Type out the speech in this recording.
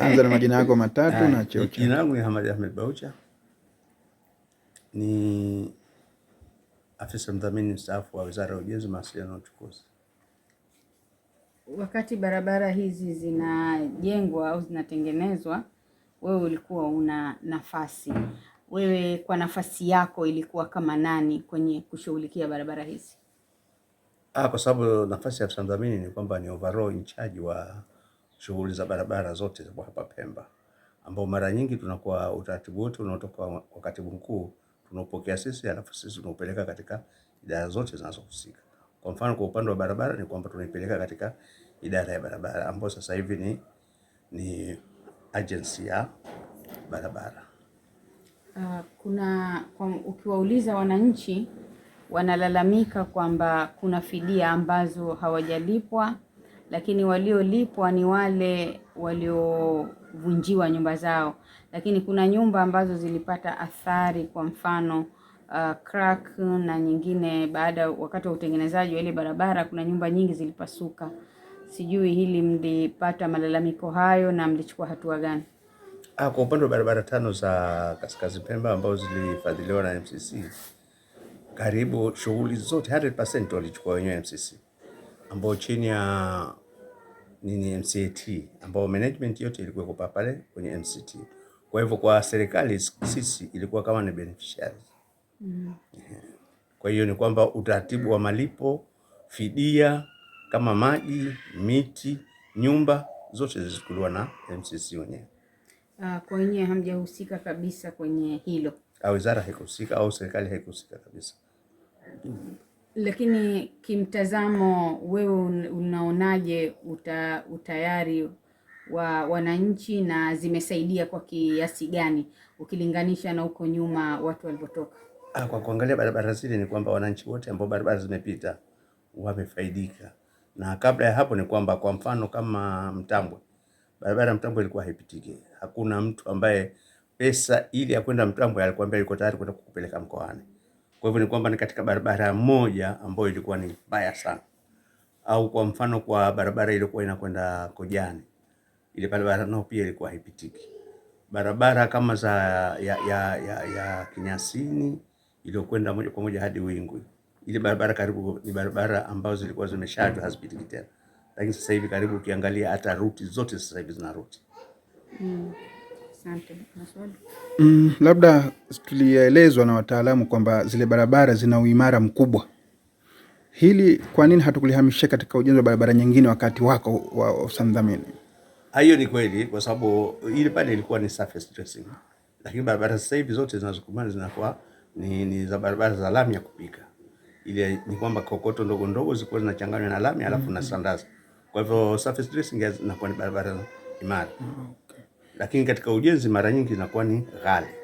Anza na majina yako matatu na cheo. Jina langu ni Hamad Ahmed Baucha, ni afisa mdhamini mstaafu wa Wizara ya Ujenzi, Mawasiliano na Uchukuzi. Wakati barabara hizi zinajengwa au zinatengenezwa, wewe ulikuwa una nafasi, wewe kwa nafasi yako ilikuwa kama nani kwenye kushughulikia barabara hizi? Ah, kwa sababu nafasi ya afisa mdhamini ni kwamba ni overall in charge wa shughuli za barabara zote za hapa Pemba, ambao mara nyingi tunakuwa utaratibu wote unaotoka kwa katibu mkuu tunaopokea sisi, alafu sisi tunaupeleka katika idara zote zinazohusika. Kwa mfano, kwa upande wa barabara ni kwamba tunaipeleka katika idara ya barabara ambayo sasa hivi ni, ni agency ya barabara. Uh, kuna kwa, ukiwauliza wananchi wanalalamika kwamba kuna fidia ambazo hawajalipwa lakini waliolipwa ni wale waliovunjiwa nyumba zao. Lakini kuna nyumba ambazo zilipata athari, kwa mfano Uh, crack na nyingine baada wakati wa utengenezaji wa ile barabara, kuna nyumba nyingi zilipasuka. Sijui hili mlipata malalamiko hayo na mlichukua hatua gani? Ah, kwa upande wa barabara tano za Kaskazi Pemba ambazo zilifadhiliwa na MCC, karibu shughuli zote 100% walichukua wenyewe MCC, ambao chini ya nini MCT, ambao management yote ilikuwa kwa pale kwenye MCT. Kwa hivyo kwa serikali sisi ilikuwa kama ni beneficiary. Mm. Kwa hiyo ni kwamba utaratibu wa malipo, fidia kama maji, miti, nyumba zote zilichukuliwa na MCC wenyewe. Uh, kwa wenyewe hamjahusika kabisa kwenye hilo. Au ah, wizara haikuhusika au serikali haikuhusika kabisa. Mm. Lakini kimtazamo, wewe unaonaje uta, utayari wa wananchi na zimesaidia kwa kiasi gani ukilinganisha na huko nyuma watu walivyotoka? Ah, kwa kuangalia barabara zile ni kwamba wananchi wote ambao barabara zimepita wamefaidika, na kabla ya hapo ni kwamba kwa mfano kama Mtambwe, barabara ya Mtambwe ilikuwa haipitiki. Hakuna mtu ambaye pesa ili ya kwenda Mtambwe alikwambia yuko tayari kwenda kukupeleka mkoani. Kwa hivyo ni kwamba ni katika barabara moja ambayo ilikuwa ni mbaya sana, au kwa mfano kwa barabara iliyokuwa inakwenda Kojani, ile barabara nao pia ilikuwa haipitiki. Barabara kama za ya, ya, ya, ya Kinyasini iliyokwenda moja kwa moja hadi wingwi ile barabara karibu ni barabara ambazo zilikuwa zimeshajwa hazipitiki tena, lakini sasa hivi karibu ukiangalia hata ruti zote sasa hivi zina ruti mm. Asante. Mm, labda tulielezwa na wataalamu kwamba zile barabara zina uimara mkubwa. Hili kwa nini hatukulihamishia katika ujenzi wa barabara nyingine wakati wako wa usamdhamini? Hiyo ni kweli, kwa sababu ile pale ilikuwa ni surface dressing, lakini barabara sasa hivi zote zinazokumbana zinakuwa ni, ni za barabara za lami ya kupika. Ile ni kwamba kokoto ndogo ndogo zilikuwa zinachanganywa na lami alafu mm -hmm. na sandaza. Kwa hivyo surface dressing inakuwa ni barabara imara. mm -hmm lakini katika ujenzi mara nyingi inakuwa ni ghali.